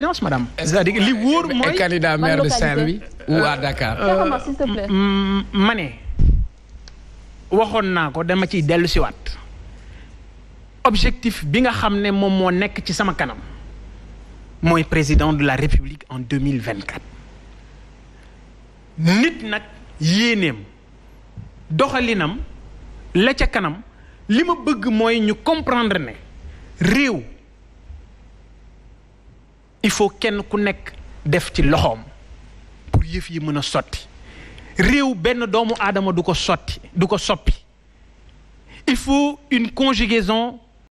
expérience madame. c'est-à-dire li wóor mooy candidat maire de euh, euh, ma ne waxoon naa ko dama ciy dellu siwaat objectif bi nga xam ne moom moo nekk ci sama kanam mooy président de la république en deux mille vingt quatre nit nag yéeneem doxalinam la ca kanam li ma bëgg mooy ñu comprendre ne réew. il faut kenn ku nekk def ci loxoom pour yëf yi mën a sotti réew benn doomu aadama du ko sotti du ko soppi il faut une conjugaison